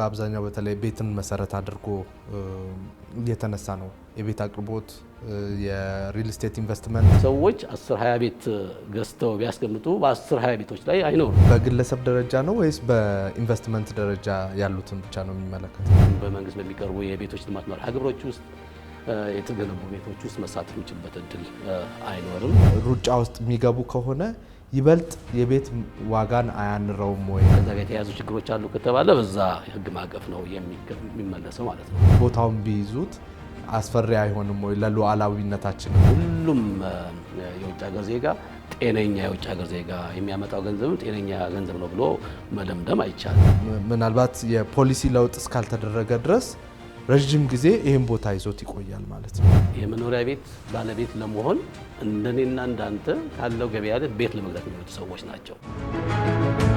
በአብዛኛው በተለይ ቤትን መሰረት አድርጎ እየተነሳ ነው። የቤት አቅርቦት፣ የሪል ስቴት ኢንቨስትመንት ሰዎች 10 20 ቤት ገዝተው ቢያስቀምጡ በ10 20 ቤቶች ላይ አይኖሩም። በግለሰብ ደረጃ ነው ወይስ በኢንቨስትመንት ደረጃ ያሉትን ብቻ ነው የሚመለከት? በመንግስት በሚቀርቡ የቤቶች ልማት መርሃ ግብሮች ውስጥ የተገነቡ ቤቶች ውስጥ መሳተፍ የሚችልበት እድል አይኖርም። ሩጫ ውስጥ የሚገቡ ከሆነ ይበልጥ የቤት ዋጋን አያንረውም ወይ? ከዛ ጋር የተያዙ ችግሮች አሉ ከተባለ በዛ ህግ ማቀፍ ነው የሚመለሰው ማለት ነው። ቦታውን ቢይዙት አስፈሪ አይሆንም ወይ? ለሉዓላዊነታችን ሁሉም የውጭ ሀገር ዜጋ ጤነኛ የውጭ ሀገር ዜጋ የሚያመጣው ገንዘብ ጤነኛ ገንዘብ ነው ብሎ መደምደም አይቻልም። ምናልባት የፖሊሲ ለውጥ እስካልተደረገ ድረስ ረዥም ጊዜ ይህን ቦታ ይዞት ይቆያል ማለት ነው። የመኖሪያ ቤት ባለቤት ለመሆን እንደኔና እንዳንተ ካለው ገበያ ቤት ለመግዛት የሚወጡ ሰዎች ናቸው።